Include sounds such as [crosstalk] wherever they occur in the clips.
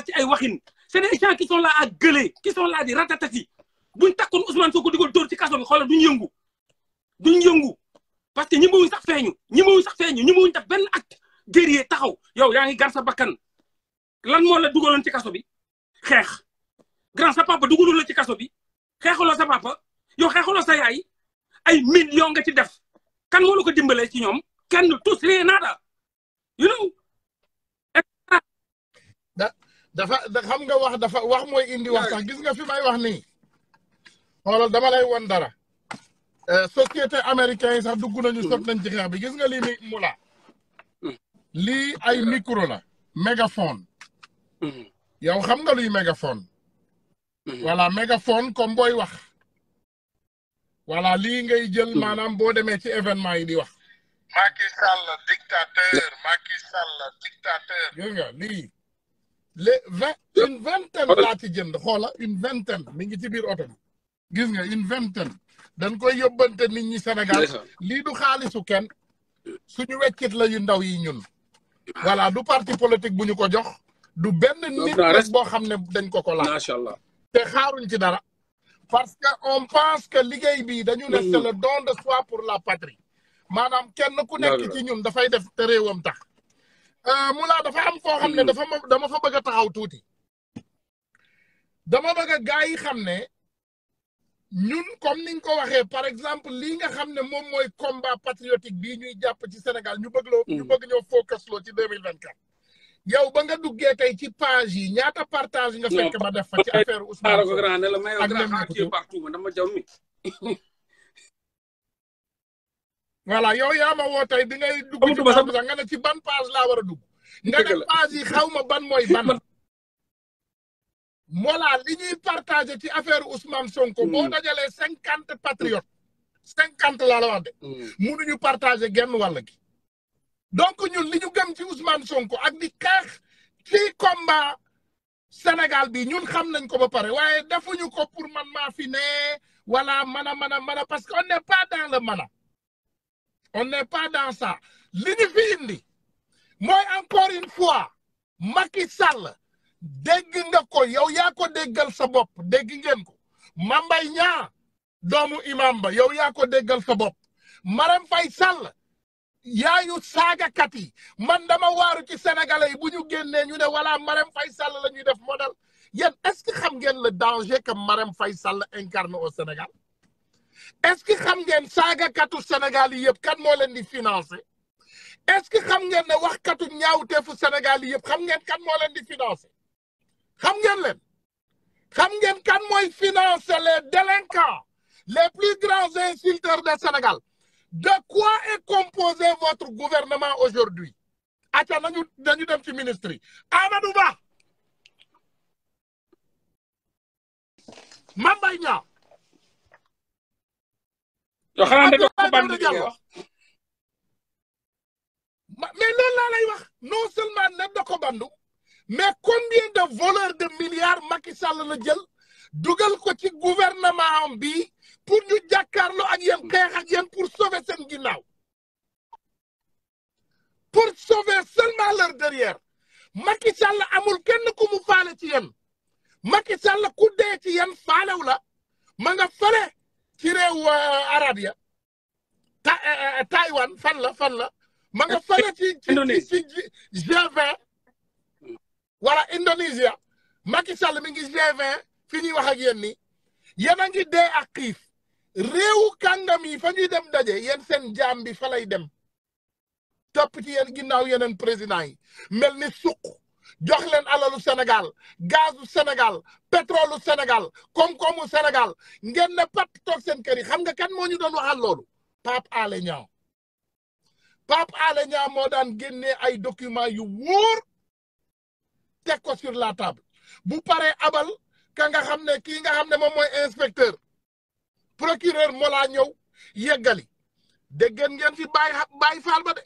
violence ci ay waxin c'est des gens qui sont là à gueuler qui sont là di ratatati buñ takkoon Ousmane Sonko di ko dóor ci kaso bi xoolal duñ yëngu duñ yëngu parce que ñi mawuñ sax feeñu ñi mawuñ sax feeñu ñi mawuñ def benn acte guerrier taxaw yow yaa ngi gar sa bakkan lan moo la dugaloon ci kaso bi xeex grand sa papa dugalul ci kaso bi xeexaloo sa papa yow xeexaloo sa yaay ay millions nga ci def kan moo la ko dimbalee ci ñoom kenn tous rien nada dafa xam nga wax dafa wax mooy indi wax sax gis nga fi may wax nii xoolal dama lay won dara euh, société américain sax dugg nañu sot nañ ci xeex bi gis nga lii mi mu lii ay micro la mégaphone yow xam nga luy mégaphone voilà mégaphone comme booy wax voilà lii ngay jël maanaam boo demee ci événement yi di wax Macky Sall dictateur Macky Sall dictateur gis nga lii les vingt une vingtaine laa ci jënd xoola une vingtaine mi ngi ci biir oto gis nga une vingtaine dañ koy yóbbante nit ñi Sénégal lii du xaalisu kenn suñu weccit la yu ndaw yi ñun voilà du parti politique bu ko jox du benn nit rek boo xam ne dañ ko ko laaj macha te xaaruñ ci dara parce que on pense liggéey bi dañu ne mm. c'est le don de soi pour la patrie maanaam kenn ku nekk ci ñun dafay def te réewam tax Euh, Moula dafa am foo xam ne dafa ma dama fa bëgg a taxaw tuuti dama bëgg a gaa yi xam ne ñun comme niñ ko waxee par exemple lii nga xam ne moom mooy combat patriotique bii ñuy jàpp ci Sénégal ñu bëgg ñu mm. bëgg ñoo focus loo ci deux mille vingt quatre yow ba nga duggee tey ci page yi ñaata partage nga fekk ma def fa ci affaire Ousmane ak dama jaw mi [laughs] voilà yow yaa ma woo tey di ngay dugg ci a nga ne ci ban page laa war a dugg nga ne page yi xaw ma ban mooy ban mola li ñuy partagé ci affaire Ousmane Sonko boo hmm. dajalee cinquante patriotes cinquante laa la hmm. genn wàll gi donc ñun li ñu gëm ci Ousmane Sonko ak di xeex ci combat Sénégal bi ñun xam nañ ko ba pare waaye defuñu ko pour man maa fi ne wala mana mana mana parce que on n'est pas dans le on n'est pas dans ça li ñu fi indi mooy encore une fois Macky Sall dégg nga ko yow yaa ko déggal sa bopp dégg ngeen ko Mambay ñaa doomu imam ba yow yaa ko déggal sa bopp Marème fay Sall yaayu saagakat yi man dama waaru ci sénégalais yi bu ñu génnee ñu ne wala Marème Faye Sall la ñuy def modèle yéen est-ce que xam ngeen la danger que Marème fay Sall incarne au Sénégal est-ce que xam ngeen saagakatu Sénégal yi yëpp kan moo leen di financé est-ce que xam ngeen ne ñaaw ñaawteefu Sénégal yi yëpp xam ngeen kan moo leen di financé xam ngeen leen xam ngeen kan mooy financé les délinquants les plus grands insulteurs de senegal de quoi est composé votre gouvernement aujourd'hui acca nañu dañu dem ci ministri yi Amadou Ba Mame Mbaye Niang to xanaa da ko bandi wax non seulement ne da ko bandu mais combien de voleurs de milliards Macky Sall la jël dugal ko ci gouvernement am bi pour ñu jàkkaarloo ak yéen xeex ak yéen pour sauver seen ginnaaw pour sauver seulement leur derrière Macky Sall amul kenn ku mu faale ci yéen Macky Sall ku dee ci yéen faalew la ma nga fële ci réew uh, arab ya ta uh, uh, Taïwan fan la fan la ma nga fële ci ci ci G20 wala Indonesia Sall mi ngi g fi ñuy wax ak yéen ni yéen a ngi dee ak xiif réewu yi fa ñuy dem daje yéen seen jaam bi fa lay dem topp ci yéen ginnaaw yeneen président yi mel ni suq jox leen alalu Sénégal gazu Sénégal pétrole senegal koom-koomu senegal ngeen ne pat toog seen kër yi xam nga kan moo ñu doon waxal loolu Pape Alé Niang Pape Alé Niang moo daan génnee ay documents yu wóor teg ko sur la table bu paree abal ka nga xam ne kii nga xam ne moom mooy inspecteur procureur moo laa ñëw yeggali dégg ngeen fi bàyyi bàyyi faal ba de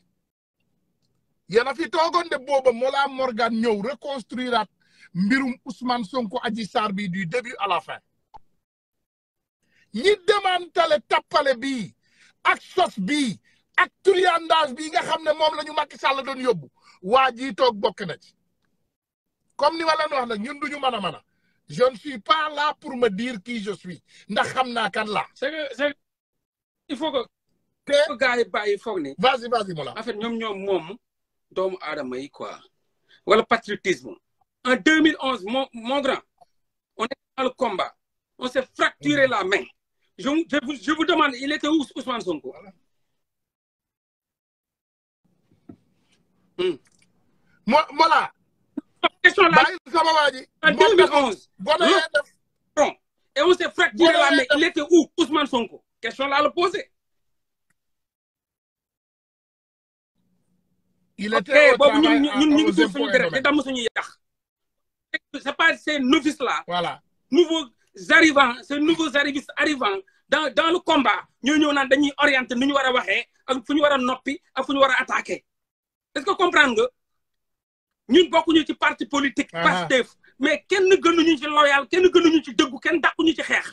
yéen a fi toogoon de booba Mollah Morgan ñëw reconstruire at mbirum Ousmane Sonko Adji Sarr bi du début à la fin ñi demantale tappale bii ak sos bii ak triandage bii nga xam ne moom la ñu Macky salla doon yóbbu waa jii toog bokk na ci comme ni ma leen wax nag ñun duñu mën a mën a je ne suis pas la pour ma dire qui je suis ndax xam naa kan laa. que c'est il faut que. te gars yi bàyyi foog ne. vas-y vas ñoom ñoom doomu aadama yi quoi wala patriotisme en mille mon mon grand on est dans le combat on s'est fracturé la main je vous je vous demande il était où Ousmane Sonko. voilà. Hmm. et on s'est fracturé la main il était où Ousmane Sonko question là la posé. il était boobu ñun ñun ñu ngi suuf suñu deret di damm suñu yàq c'est pas ces novices là voilà nouveaux arrivants ces nouveaux arrivistes arrivants dans dans le combat ñoo ñëw naan dañuy orienté nu ñu war a waxee ak fu ñu war a noppi ak fu ñu war a attaqué est-ce que comprendre nga ñun bokkuñu ci parti politique ah ah. Pastef mais kenn gënuñu ci loyal kenn gënuñu ci dëggu kenn dàquñu ci xeex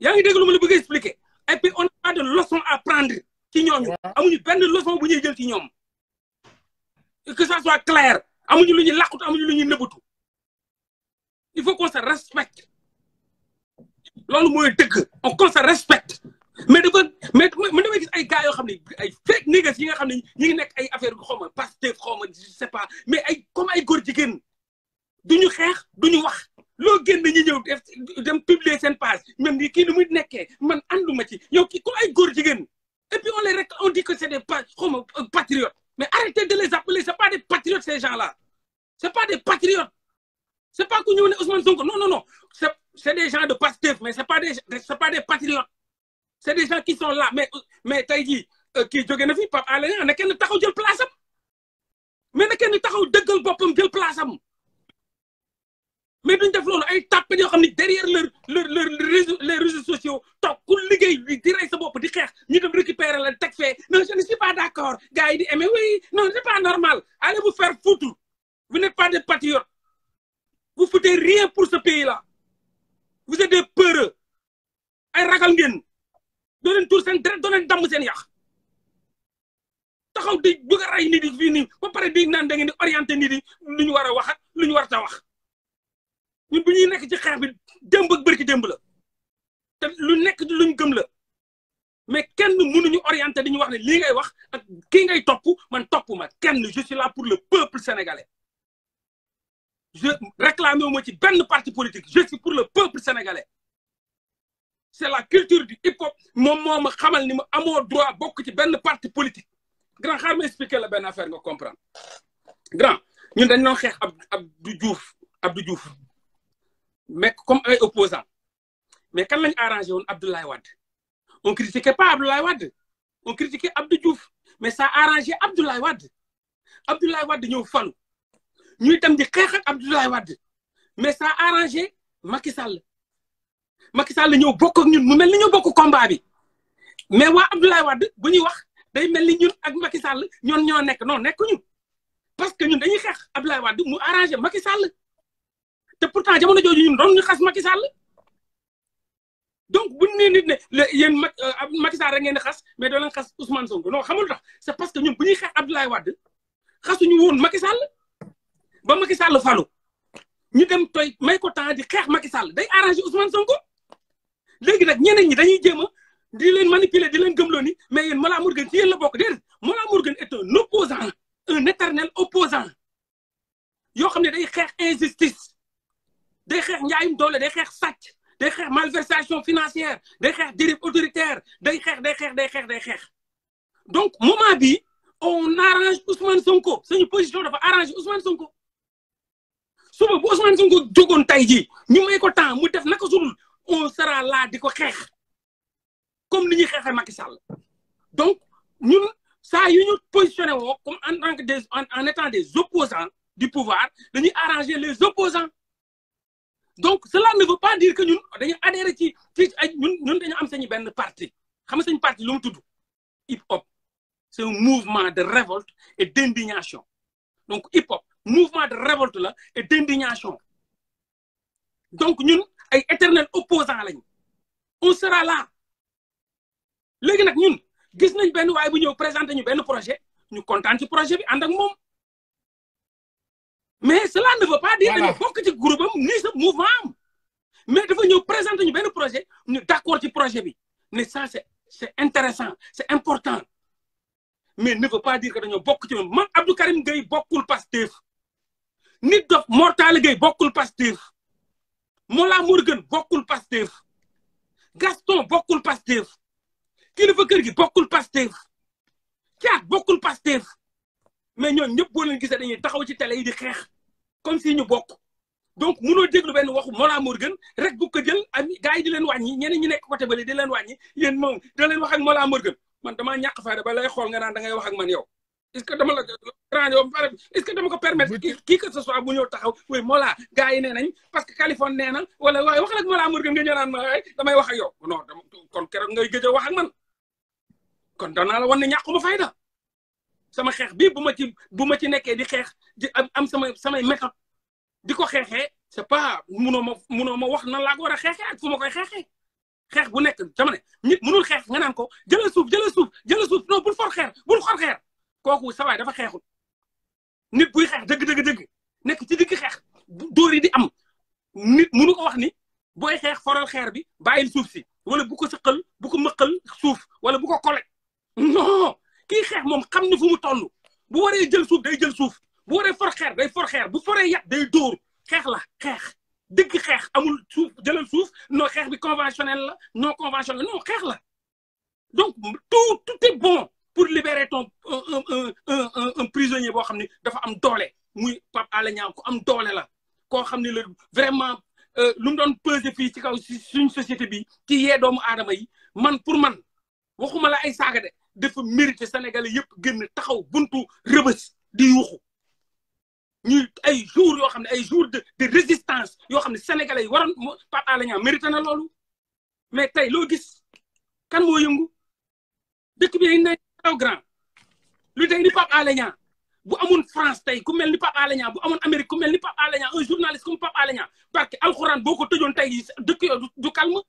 yaa ngi dégg lu ma la bëgg expliquer et puis on a de leçons à prendre ci ñooñu amuñu benn leçon bu ñuy jël ci ñoom que ça soit clair amuñu lu ñuy làqutu amuñu lu ñuy nëbbatu il faut qu'on se loolu mooy dëgg on qu'on se respecte mais dafa mais man damay gis ay gars yoo xam ne ay fake yi nga xam ne ñi ngi nekk ay affaire xaw ma Pastef xaw ma je sais pas mais ay comme ay góor jigéen ñu xeex ñu wax loo génn ñu ñëw def dem publier seen page même ni kii nu muy nekkee man ànduma ci yow kii comme ay góor jigéen Et puis on, les réclame, on dit que c'est des euh, patriotes. Mais arrêtez de les appeler, ce pas des patriotes ces gens-là. Ce pas des patriotes. Ce n'est pas que nous, Ousmane Sonko. Non, non, non. C'est des gens de Pastef, mais ce n'est pas, des, pas des patriotes. C'est des gens qui sont là. Mais, euh, mais Taïdi, euh, kii jóge na fi Pape Alé Niang na kenn taxaw jël place am mais na kenn taxaw dëggal boppam jël place am mais duñ def loolu ay tàppale yoo xam ne derrière leur leur leur les réseaux sociaux toog liggéey di rey sa bopp di xeex ñu dem récupérer la teg fee non je ne suis pas d' accord gars yi di eh, aimé oui non c' est pas normal allez vous faire foutre vous n'êtes pas des patriotes vous foutez rien pour sa pays là vous êtes des ay ragal ngeen doo leen tuur seen deret doo leen seen yàq taxaw di bëgg a rey nit yi fii nii ba pare di naan da ngeen di orienté nit yi lu ñu war a wax ak lu ñu war ta wax. ñun bu nekk ci xeex bi démb ak bërki démb la te lu nekk luñ gëm la mais kenn mënuñu orienté di ñu wax ne lii ngay wax ak kii ngay topp man topp ma kenn je suis là pour le peuple sénégalais je réclame wu ma ci benn parti politique je suis pour le peuple sénégalais c'est la culture du hip hop moom moo ma xamal ni ma amoo droit bokk ci benn parti politique grand xaar ma expliquer la benn affaire nga comprendre grand ñun dañ doon xeex Abdou Diouf Abdou Diouf mais comme ay opposants mais kan lañ arrangé woon Abdoulaye Wade on critiquait pas Abdoulaye Wade on critiquait Abdou Diouf mais ça arrangé Abdoulaye Wade Abdoulaye Wade ñëw falu ñu dem di xeex ak Abdoulaye Wade mais ça arrangé Macky Sall Macky ñëw bokk ak ñun mu mel ñu bokk combat bi mais waa Abdoulaye Wade bu ñuy wax day mel ni ñu ak Macky Sall ñoon ñoo nekk non nekkuñu parce que ñun dañuy xeex Abdoulaye Wade mu arrangé Macky Sall te pourtant jamono jooju ñun doon ñu xas Macky Sall donc buñ nee nit ne la yéen euh, Macky Sall rek ngeen xas mais doo leen xas Ousmane Sonko non xamul tax c'est parce que ñun bu ñuy xeex Abdoulaye Wade xasuñu woon Macky Sall ba Macky Sall falu ñu dem toy may ko temps di xeex Macky Sall day arrangé Ousmane Sonko léegi nag ñeneen ñi dañuy jéem a di leen manipuler di leen gëmloo ni mais yéen Mollah Morgun ci yéen la bokk déedéet Mollah Morgun est un opposant un éternel opposant yoo xam ne day xeex day xeex njaayum doole day xeex sàcc day xeex malversation financière day xeex dérive autoritaire day xeex day xeex day xeex day xeex donc moment bi on arrange Ousmane Sonko suñu position dafa arrange Ousmane Sonko suba bu Ousmane Sonko jógoon tey jii ñu may ko temps mu def naka sudul on sera la di ko xeex comme ni ñuy xeexee Macky Sall donc ñun sa yu ñu positionné woo comme en tant des en étant des opposants du pouvoir dañuy arranger les opposants donc cela ne veut pas dire que ñun dañu adhéré ci ci ay ñun ñun dañu am sañu benn parti xam nga sañ parti lu mu tudd hip hop c' est un mouvement de révolte et d' donc hip hop mouvement de révolte la et d' donc ñun ay éternel opposant lañu on sera là léegi nag ñun gis nañ benn waaye bu ñëw présenter ñu benn projet ñu kontaan ci projet bi ànd ak moom mais cela ne veut pas dire dañu bokk ci groupe am nii sa mouvement am mais dafa ñëw présenter ñu benn projet ñu d'accord ci projet bi ne ça c'est c'est intéressant c'est important mais ne veut pas diir que dañoo bokk ci man Abdou Karim Gueye bokkul Pastef nit dof Mortale Gueye bokkul Pastef Mola Morgan bokkul Pastef Gaston bokkul Pastef kilifa kër gi bokkul Pastef Thiat bokkul Pastef mais ñoom ñëpp boo leen gisee dañuy taxaw ci télé yi di xeex comme si ñu bokk donc munoo déglu benn waxu Mollah Morgun rek bu ko jël am gars yi di leen wàññi ñeneen ñu nekk côté bële di leen wàññi yéen moom da leen wax ak Mollah Morgun man damaa ñàkk fayda ba lay xool nga naan da ngay wax ak man yow est-ce dama ko permetre kii que ce soit bu ñëw taxaw oui parce que Californie nee na wala waaye waxal ak Mollah Morgun nga damay wax ak yow non kon keroog ngay gëj a wax ak man kon danaa la wan ne ñàkkuma fayda sama xeex bii bu ma ci bu ma ci nekkee di xeex di am sama samay méthode di ko xeexee c'est pas ma munoo ma wax nan laa ko war a xeexee ak fu ma koy xeexee xeex bu nekk dama nit munul xeex nga naan ko jëlal suuf jëlal suuf jëlal suuf non bul for xeer bul xor xeer kooku sawaay dafa xeexul nit buy xeex dëgg dëgg dëgg nekk ci digg xeex dóor yi di am nit munu ko wax ni booy xeex foral xeer bi bàyyil suuf si wala bu ko sëqal bu ko mëqal suuf wala bu ko kole non kii xeex moom xam na fu mu toll bu waree jël suuf day jël suuf bu waree for xeer day for xeer bu foree yat day dóor xeex la xeex dëgg xeex amul suuf jëlal suuf no xeex bi conventionnel la non conventionnel non xeex la donc tout tout bon pour libérer ton un un un prisonnier boo xam ne dafa am doole muy Pape Alé Niang ku am doole la koo xam ne la vraiment euh, lu mu doon peser fii ci kaw suñ société bi ki yee doomu aadama yi man pour man waxuma la ay saaga de dafa mérité sénégalais yëpp génn taxaw buntu rëbës di yuuxu ñuy ay jours yoo xam ne ay jours de résistance yoo xam ne sénégalais yi waroon Pape Alé Niang na loolu mais tey loo gis kan moo yëngu dëkk bi dañ ne grand lu tey ni Pape Alé Niang bu amoon France tey ku mel ni Pape Alé Niang bu amoon Amérique ku mel ni Pape Alé Niang un journaliste comme Pape Alé Niang parce alxuraan boo ko tëjoon tey dëkk yoo du calme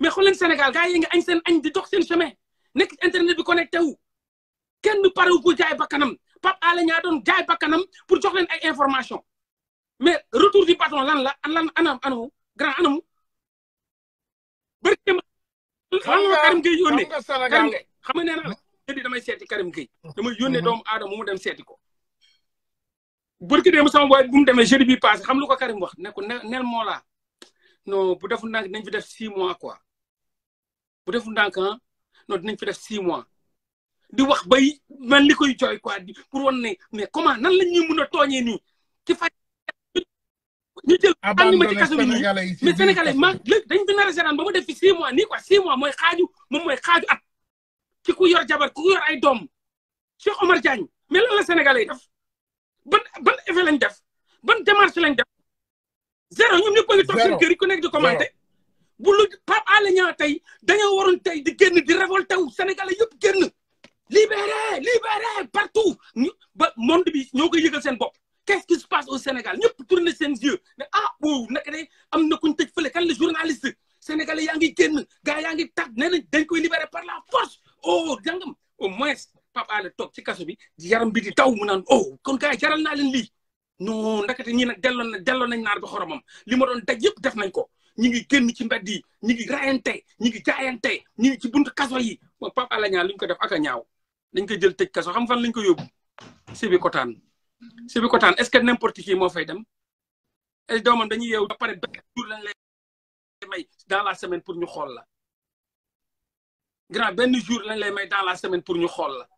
mais xool leen Sénégal gars yi nga añ seen añ di dox seen chemin. nek internet bi connecté wu kenn parewu pour jaay bakkanam Pape Alé Niang doon jaay bakkanam pour jox leen ay information mais retour du patron lan la lan anam anamu grand anamu. bëri na xam nga Karim Gueye yónnee Karim Gueye xam nga nee naa la yéen seeti Karim Gueye. damay yónnee doomu aadama mu dem seeti ko. bërki démb sama boy bu mu demee jeudi bi passé xam lu ko Karim wax ne ko nel mola laa non bu defu ndànk nañ fi def six mois quoi bu defu ndànk non dinañ fi def six mois di wax bay man li koy jooy quoi di pour wan ne mais comment nan la ñuy mun a tooñee nii ci faj ñu jël ànd ma ci kaso bi nii mais sénégalais ma léegi dañ fi nar a seetaan ba ma def fi six mois nii quoi six mooy xaaju moom mooy xaaju at ci ku yor jabar ku yor ay doom Cheikh Omar Diagne mais lan la sénégalais def ba ban effet lañ def ban démarche lañ def zéro ñoom ñëpp a ngi toog seen kër yi ku nekk di commenté bu lu dañoo waroon tey ñoo ko yëgal seen bopp qu'est-ce se passe au Sénégal ñëpp tourné seen yeux ne ah wow naka de am na kuñ tëj fële kan la journaliste sénégalais yaa ngi génn gars yaa ngi tag nee nañ dañ koy par la force oh jàngam au moins Pape Alé toog ci kaso bi jaram bi di taw mu naan oh kon gars jaral naa leen lii non ndakate ñii nag delloon na delloon nañ naar bi xoromam li ma doon daj yëpp def nañ ko ñi ngi génn ci mbedd yi ñi ngi rayante ñi ngi jaayante ñi ngi ci buntu kaso yi Pape Alé Niang luñ ko def ak ñaaw dañ koy jël tëj kaso xam fan lañ ko yóbbu Sébikotane Sébikotane est-ce que n'importe qui moo fay dem ay doomam dañuy yeew ba pare benn jour lañ lay may dans la semaine pour ñu xool la grand benn jour lañ lay may dans la semaine pour ñu xool la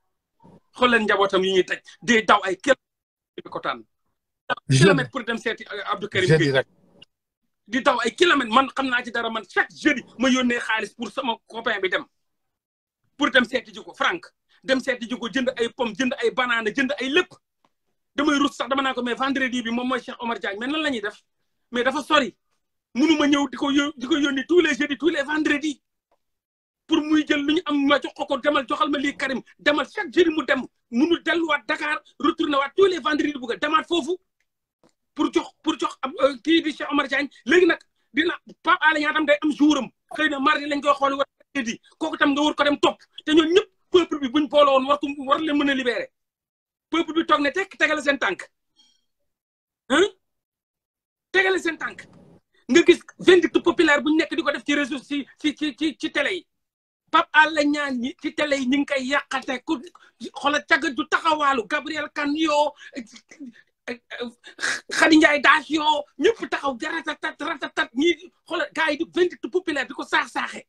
xool leen njabootam yi ñuy teg di daw ay kilomètres Sébikotane kilomètre pour dem seeti euh, Abdou Karim bi di daw ay kilomètres man xam naa ci dara man chaque jeudi ma yónnee xaalis pour sama copain bi dem pour dem seeti ji ko dem seeti ji ko jënd ay pomme jënd ay banana jënd ay lépp damay rus sax dama naa ko mais vendredi bi moom mooy Cheikh Omar Diagne mais nan la def mais dafa sori mënuma ñëw di ko yó di ko yónni tous les jeudis tous les vendredis pour muy jël lu ñu am ma jox ko demal joxal ma lii Karim demal chaque jeudi mu dem mënul waat dakaar retourné waat tous les vendredis bu ko demaat foofu pour jox pour jox ab euh, kii di Cheikh Omar Diagne léegi nag dina Pape Alé Niang tam day am jouram xëy na mardi lañ koy xool wala jeudi kooku tam nga wër ko dem topp te ñoom ñëpp peuple bi buñ boole woon war ko war leen mën a libéré peuple bi toog ne tekk tegale seen tànk ah tegale seen tànk nga gis vindicte populaire buñ nekk di ko def ci réseau ci ci ci ci télé yi Pape ñaan Niang ci télé yi ñu ngi koy yàqate ku xoola cagga du taxawaalu Gabriel Kane yoo Khady Ndiaye daas yoo ñëpp taxaw ratatat ratatat ñii xoola gars yi di vindicte populaire di ko saax-saaxe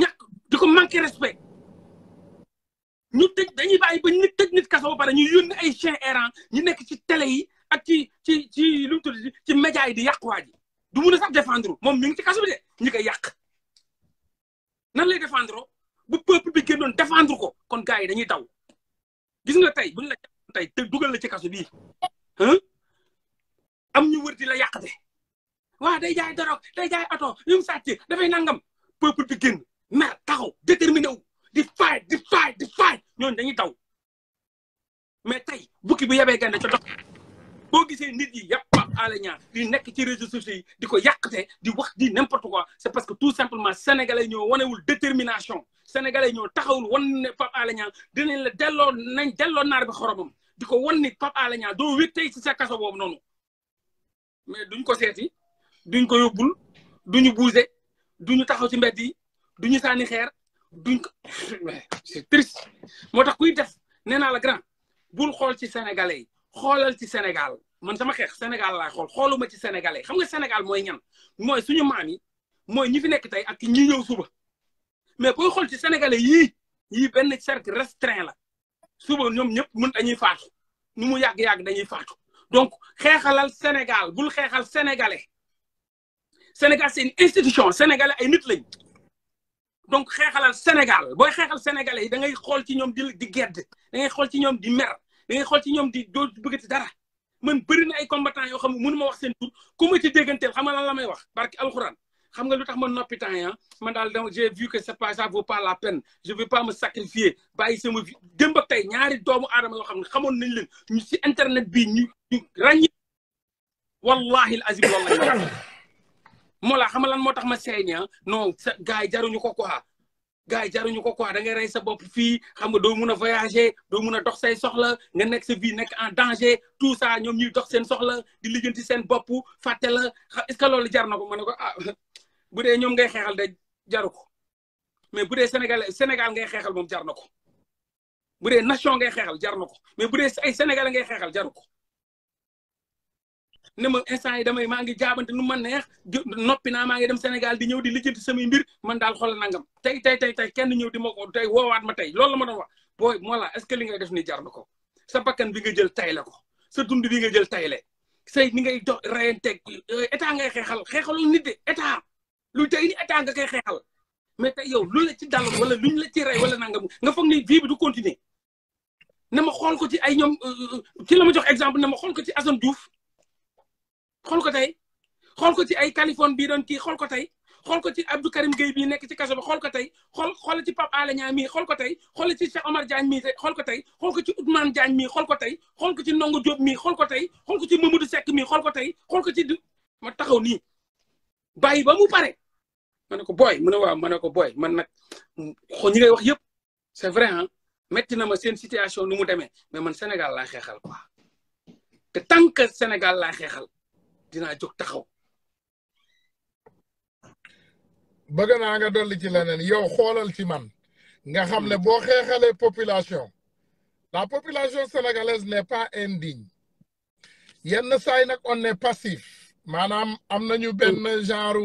ñàkk di ko manqué respect ñu tëj dañuy bàyyi ba nit tëj nit kaso ba pare ñu yónni ay chien errant ñu nekk ci télé yi ak ci ci ci lu mu tudd ci média yi di yàq waa ji du mun a sax moom mi ngi ci kaso bi de ñi koy yàq nan lay défendre bu peuple bi génnoon défendre ko kon gars yi dañuy daw gis nga tey buñ la tey te dugal la ci kaso bii am ñu wër di la yàqate waa day jaay dorog day jaay oto yu mu sàcc dafay nangam peuple bi génn Alé Niang di nekk ci réseaux sociaux di ko yàqte di wax di n'importe quoi c'est parce que tout simplement sénégalais ñoo wanewul détermination sénégalais ñoo taxawul wan ne Pape Alé Niang dinañ la delloo nañ delloo naar bi xoromam di ko wan ni Pape Alé Niang doo tey si sa kaso boobu nonu mais duñ ko seeti duñ ko du ñu duñu du ñu taxaw ci mbedd yi duñu sànni xeer duñ ko [laughs] c'est triste moo tax kuy def nee naa la grand bul xool ci sénégalais yi xoolal ci Sénégal man sama xeex Sénégal laay xool xooluma ci sénégalais xam nga senegal mooy ñan mooy suñu maam yi mooy ñi fi nekk tey ak ñi ñëw suba mais booy xool ci sénégalais yii yii benn cercle restreint la suba ñoom ñëpp mën dañuy faatu ñu mu yàgg-yàgg dañuy faatu donc xeexalal Sénégal bul xeexal sénégalais senegal c'est une institution sénégalais ay nit lañ donc xeexalal Sénégal booy xeexal sénégalais yi da ngay xool ci ñoom di di gedd da xool ci ñoom di mer da xool ci ñoom di doo bëggati dara man bëri na ay combattant yoo xam ne mënu ma wax seen tur ku ma ci dégganteel xam nga lan la may wax barki alxuraan xam nga lu tax ma noppi temps yi man daal dama j'ai vu que c'est pas ça pas la peine je veux pas me sacrifier bàyyi sama vie démb tey ñaari doomu aadama yoo xam ne xamoon nañ leen ñu si internet bii ñu ñu ràññi wallahi azim loolu la moo la xam nga lan moo tax ma seey non sa gars yi ñu ko quoi gars yi jaruñu ko quoi da ngay rey sa bopp fii xam nga doo mun a voyager doo mun a dox say soxla nga nekk sa vie nekk en danger tout ça ñoom ñuy dox seen soxla di lijjanti seen bopp fàtte la est-ce que jar na ko ma ko a ah, [laughs] bu dee ñoom ngay xeexal de jaru ko mais bu dee Sénégal Sénégal ngay xeexal moom jar na ko bu dee nation ngay xeexal jar na ko mais bu dee ay Sénégal ngay xeexal jaru ko ne ma instant yi damay maa ngi jaabante nu ma neex noppi naa maa ngi dem Sénégal di ñëw di lijjanti samay mbir man daal xool nangam tey tey tey tey kenn ñëw di ma ko tey woowaat tey loolu la ma doon wax booy voilà est-ce que li ni jar ko sa bakkan bi nga jël tay ko sa dund bi nga jël tay la say ni ngay dox reyanteeg euh, état ngay xeexal xeexalul nit de état lu tey ni état nga koy xeexal mais tey yow lu la ci dal wala luñ la ci rey wala nangam nga foog ni vie bi du continuer na ma xool ko ci ay ñoom euh, euh, ci la ma jox exemple na ma xool ko ci Assane Diouf xool ko tey xool ko ci ay Californie bii doon kii xool ko tey xool ko ci Abdou Karim Gueye bii nekk ci kaso bi xool ko tey xool xool ci Pape Alé Niang mii xool ko tey xool ci Cheikh Omar Diagne mii xool tey xool ko ci Ousmane Diagne mii xool ko tey xool ko ci Ndongo Diop mii xool ko tey xool ko ci Mamadou Seck mii xool ko tey xool ko ci du ma taxaw nii bàyyi ba mu pare ma ne ko booy mu ne waaw ma ne ko booy man nag xool ñi ngay wax yëpp c'est vrai ah metti na ma seen situation nu mu demee mais man Sénégal laa xeexal quoi te tant que Sénégal laa xeexal dinaa jóg taxaw. bëgg naa nga dolli ci leneen yow xoolal ci man nga xam ne boo xeexalee population la population sénégalaise n'est pas indigne yenn saay nag on est passif maanaam am nañu benn genre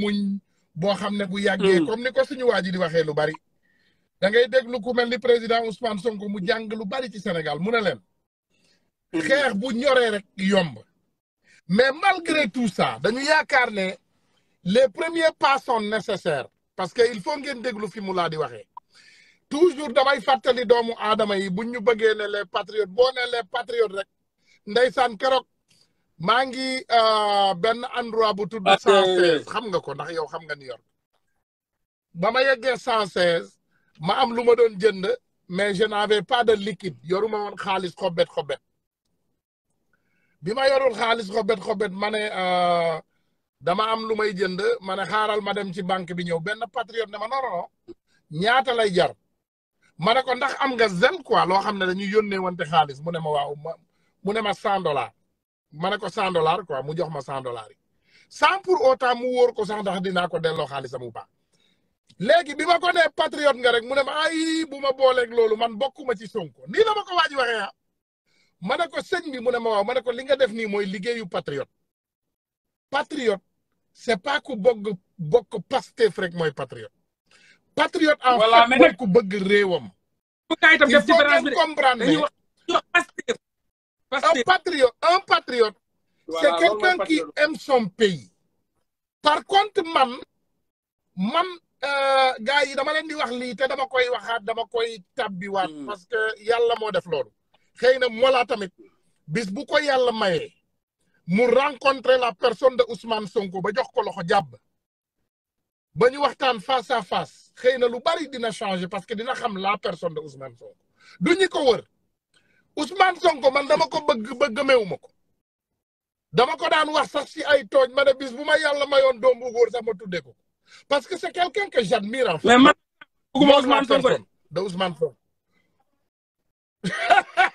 muñ boo xam ne bu yàggee hmm. comme ni ko suñu waa ji di waxee lu bari da ngay déglu ku mel ni président Ousmane Sonko mu jàng lu bari ci Sénégal mu ne leen hmm. xeex bu ñoree rek yomb mais malgré tout ça dañu yaakaar ne les premiers pas sont nécessaires parce que il faut ngeen déglu fi mu laa di waxee toujours damay fàttali doomu aadama yi buñ ñu bëggee ne les patriotes boo ne les patriotes ndeysaan keroog maa ngi euh, benn endroit bu tudd cent seize xam nga ko ndax yow xam nga New York ba ma yeggee seize ma am lu ma doon jënd mais je n'avais pas de liquide yoruma woon xaalis xobet xobet bi ma yorul xaalis xobet xobet ma ne euh, dama am lu may jënd ma xaaral ma dem ci banque bi ñëw benn patriote ne ma non ñaata lay jar ma ne ko ndax am nga zen quoi loo xam ne dañuy yónnee wante xaalis mu ne ma waaw ma mu ne ma cent ma ne ko cent mu jox ma cent dollars yi sans pour autant mu wóor ko sax ndax dinaa ko delloo xaalisam bu baax léegi bi ma ko nee patriote nga rek mu ne ma ay bu ma booleeg loolu man bokkuma ci Sonko nii la ma ko waaj waxee ah. ma ne ko sëñ bi mu ne ma waaw ma ne ko li nga def nii mooy liggéeyu patriote patriote c'est pas ku bokk bokk Pastef rek mooy patriote. patriote en fait mooy ku bëgg réewam. il faut ngeen comprendre un patriote un patriote. c'est par contre man man euh, gars yi dama leen di wax lii te dama koy waxaat dama koy tabbiwaat. Hmm. parce que yàlla moo def loolu. xëy na Mollah tamit bis bu ko yàlla mayee mu rencontrer la personne de Ousmane Sonko ba jox ko loxo jàbb ba ñu waxtaan face à face xëy na lu bari dina changé parce que dina xam la personne de Ousmane Sonko du ñu ko wër Ousmane Sonko man dama ko bëgg bëgg mewuma ko dama ko daan wax sax si ay tooñ ma ne bis bu ma yàlla mayoon doom bu góor sax ma tuddee ko parce que c'est quelqu'un que j'admire en fait. mais man bëgguma Ousmane Sonko de Ousmane Sonko [laughs]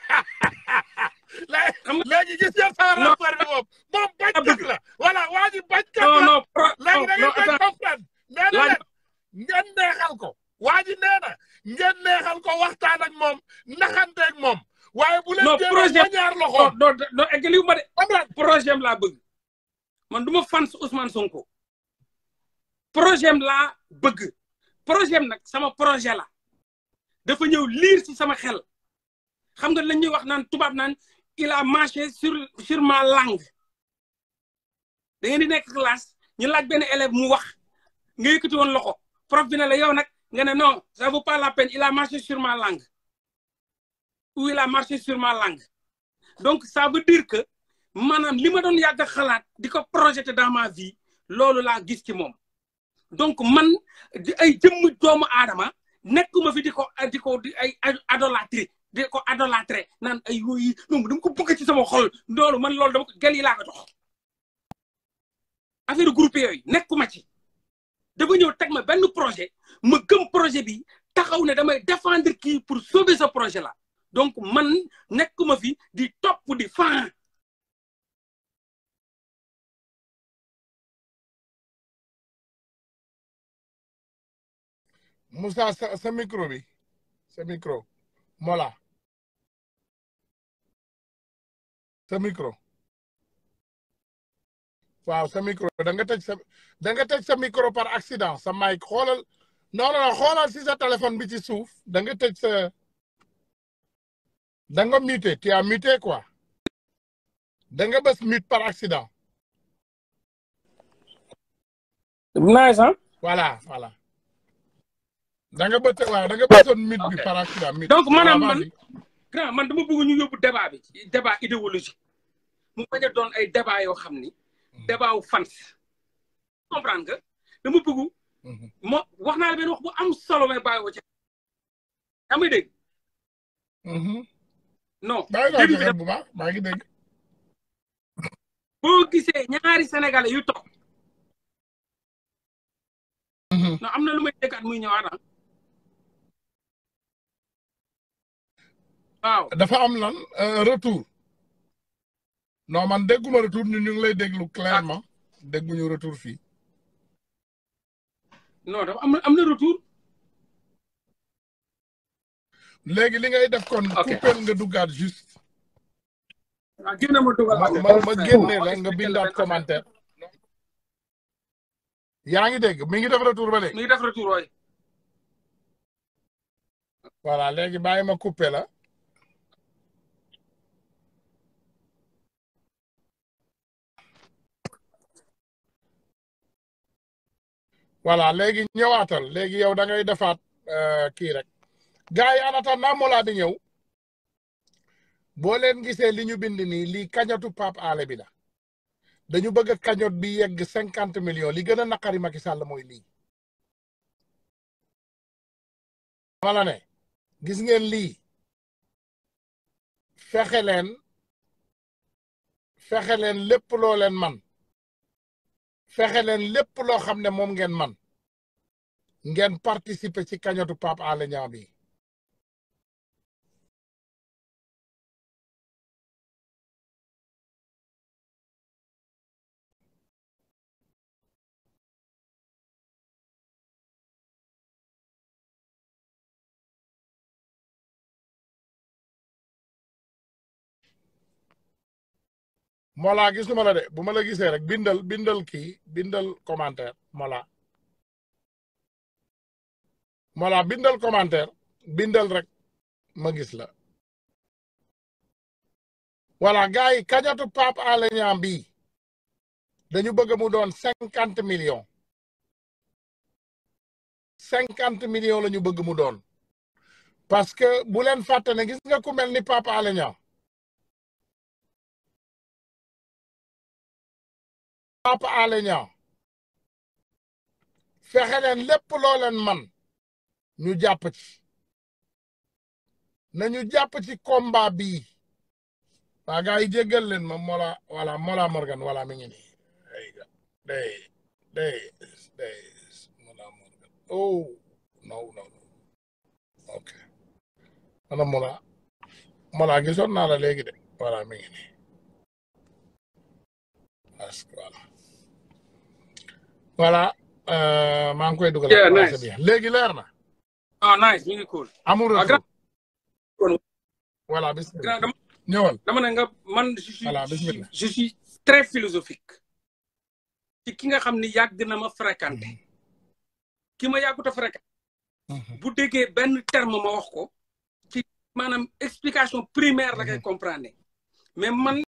léegi léegi gis nga saa rapport bi moom moom bañkat la voilà waa ji bañkat la non léegi da ngeen koy comprendre nee na leen ngeen neexal ko waa ji nee na ngeen neexal ko waxtaan ak moom waaye bu leen jéem a ñaar loxo non projet non egg liu de projet laa bëgg man du ma fans Ousmane Sonko projet laa bëgg projet nag sama projet la dafa ñëw liir sama xel xam nga lañ ñuy wax naan tubaab naan il a marché sur sur ma langue da ngeen di nekk classe ñu laaj benn élève mu wax nga yëkkati woon loxo prof bi ne la yow nag nga ne non ça vaut pas la peine il marché sur ma langue ou il marché sur ma langue donc ça veut dire que maanaam li ma doon yàgg a xalaat di ko projeté dans ma vie loolu laa gis ci moom donc man ay jëmm doomu nekk ma fi di ko di de ko idolâtré naan ay yooyu non dama ko bëgg ci sama xol loolu man loolu dama ko gel ko jox affaire groupe yooyu nekkuma ci dafa ñëw teg ma benn projet ma projet bi taxaw ne damay défendre kii pour soobe sa projet la donc man nekkuma fi di topp di fan Moussa sa sa bi sa micro Mola sa micro waaw sa micro da nga tëj sa da nga tëj sa micro par accident sa mic xoolal non non xoolal si sa téléphone bi ci suuf da nga tëj sa da nga muté tu as muté quoi da nga bës mute par accident. nice hein. voilà voilà. da nga bës waaw da nga bësoon mute bi par accident. donc maanaam man grand man dama bëgg ñu yóbbu débat bi débat idéologique. mu bañ a doon ay débat yoo xam ni. Mm-hmm. débat wu fans. comprendre nga dama bëgg. Mm-hmm. moo wax naa la wax bu am solo mais bàyyi woo ci. yaa ngi dégg. Mm-hmm. non début ñaari sénégalais yu toog. non am na lu may déggaat muy ñëwaat ah. dafa am lan euh, retour. non man dégguma retour ñu ñu ngi lay déglu clairement dégguñu retour fii. non dafa am na am na léegi li ngay def kon. ok coupé nga duggaat juste. ah génne ma dugal ma la nga bindaat commentaire. yaa ngi dégg mi ngi def retour ba léegi. mi ngi léegi bàyyi ma coupé voilà léegi ñëwaatal léegi yow dangay ngay defaat euh, kii rek gars yi en attendant Mollah di ñëw boo leen gisee li ñu bind nii lii kañotu Pape Alé bi la dañu bëgg kañot bi yegg cinquante millions li gën a naqari Macky Sall mooy lii ma la ne gis ngeen lii fexe fexe leen lépp leen man fexe leen lépp loo xam ne moom ngeen man ngeen participer ci kañotu Pape Alé Niang bi Mollah gis la de bu ma la gisee rek bindal bindal kii bindal commentaire Mollah Mollah bindal commentaire bindal rek ma gis la voilà gars yi kañatu Pape Alé Niang bii dañu bëgg mu doon cinquante millions cinquante millions la ñu bëgg mu doon que bu leen fàtte ne gis nga ku mel ni Pape Alé Niang Pape Alé Niang fexe leen man ñu jàpp ci nañu jàpp ci combat bii waa gars yi Mola wala Mola Morgan wala mi ngi nii day day day Mola Morgan oh no no ok ana Mola Mola gisoon naa la de wala mi ngi nii voilà euh, maa ngi koy dugal. léegi leer na. ah nice mi ngi cool. amul ah, voilà bisimilah ñëwal dama ne nga man. je suis je suis très philosophique. ci ki nga xam ni yàgg na ma fréquenté. Mhm. ki ma yàggut a fréquenté. Mhm. bu déggee benn terme ma wax ko. ci maanaam explication primaire la koy mhm. comprendre man.